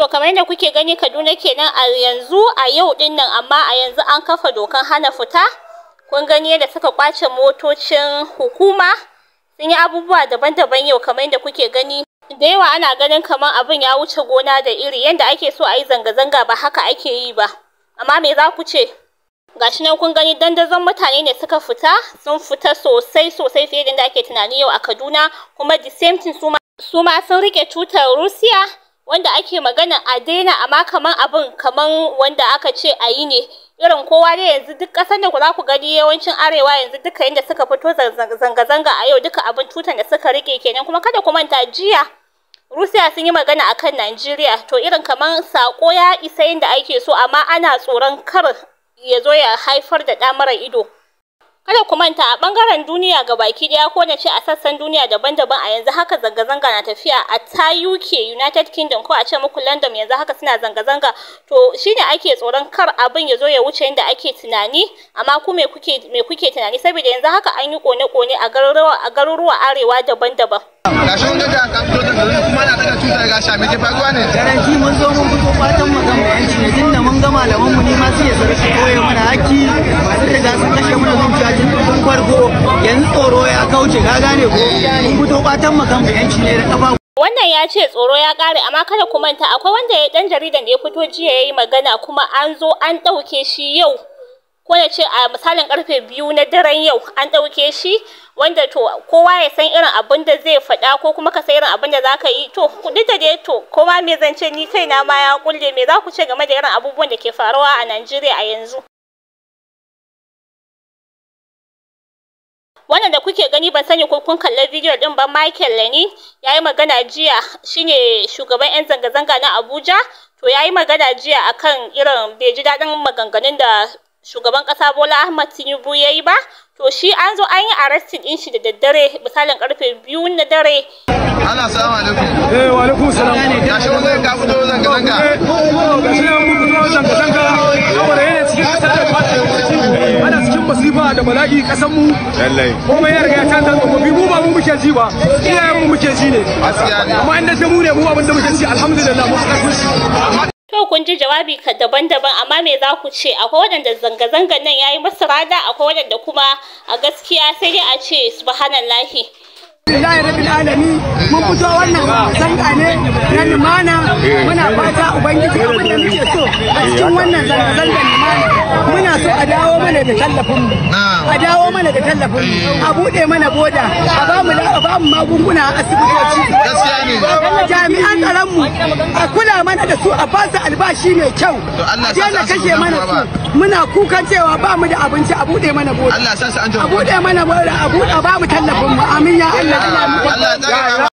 To kamar yadda kuke gani Kaduna kenan a yanzu a yau dinnan. amma a yanzu an kafa dokan hana fita. Kun gani yadda suka kwace motocin hukuma sun yi abubuwa daban-daban yau kamar yadda kuke gani. Da yawa ana ganin kamar abin ya wuce gona da iri yadda ake so a yi zanga-zanga ba haka ake yi ba. Amma me za ku ce? Gashi nan kun gani dandazon mutane ne suka fita sun fita sosai sosai fiye da yadda ake tunani yau a Kaduna kuma the same thing su ma sun rike tutar Rusiya wanda ake magana a daina amma kaman abin kaman wanda aka ce a yi ne irin kowa dai yanzu duk ƙasar da za ku gani yawancin arewa yanzu duka inda suka fito zanga-zanga a yau duka abin tutan da suka rike kenan kuma kada ku manta jiya Rusiya sun yi magana a kan Najeriya, to irin kaman sako ya isa yadda ake so, amma ana tsoron kar ya zo ya haifar da damarar ido. Kada ku manta a bangaren duniya ga baki daya ko na ce a sassan duniya daban-daban a yanzu haka zanga-zanga na tafiya a ta UK United Kingdom ko a ce muku London yanzu haka suna zanga-zanga to shine ake tsoron kar abin ya zo ya wuce inda ake tunani amma ku me kuke me kuke tunani saboda yanzu haka an yi kone-kone a garuruwa a garuruwa arewa daban-daban. Gashi mun ga ka fito daga wani kuma na daga cutar daga me ke faruwa ne? Garanti mun zo mun fito fatan mu ga yanci ne tunda mun ga malaman mu ne ma suke sarki koyo mana haƙƙi masu riga sun kashe mana zuciya farko yanzu tsoro ya kauce ka gane ko fito batan makan yanci ne da kafa wannan ya ce tsoro ya kare amma kada ku manta akwai wanda ya dan jaridan da ya fito jiya yayi magana kuma an zo an dauke shi yau ko na ce a misalin karfe biyu na daren yau an dauke shi wanda to kowa ya san irin abin da zai faɗa ko kuma ka san irin abin da za ka yi to duk da dai to kowa mai zance ni kaina ma ya kulle me za ku ce game da irin abubuwan da ke faruwa a Najeriya a yanzu wannan da kuke gani ban sani ko kun kalli bidiyo din ba Michael Lani yayi magana jiya shine shugaban yan zanga-zanga na Abuja to yayi magana jiya akan irin bai ji dadin maganganun da shugaban kasa Bola Ahmed Tinubu yayi ba to shi an zo an yi arresting din shi da daddare misalin karfe 2 na dare ana salamu alaikum eh wa alaikum salam gashi mun zai fito zanga-zanga musiba da bala'i kasan mu kuma ya riga ya ko bi mu ba mu muke ji ba iyayen mu muke ji ne amma inda ta mu ne mu abin da muke ji alhamdulillah mu karfin shi To kun ji jawabi ka daban-daban amma me za ku ce akwai waɗanda zanga-zangan nan yayi masa rada akwai waɗanda kuma a gaskiya sai dai a ce subhanallahi lillahi rabbil alamin mun fito wannan zanga ne na limana eh. muna fata ubangiji cikin wannan zanga-zangar limani muna so a dawo mana da tallafin a dawo mana da tallafin eh. a bude mana boda a ba mu ba mu magunguna a asibitoci jami'an tsaron mu a kula mana da su a fasa albashi mai kyau a daina kashe mana su muna kukan cewa ba mu da abinci a bude mana boda a bude mana boda a bude ba mu tallafin mu amin ya Allah Allah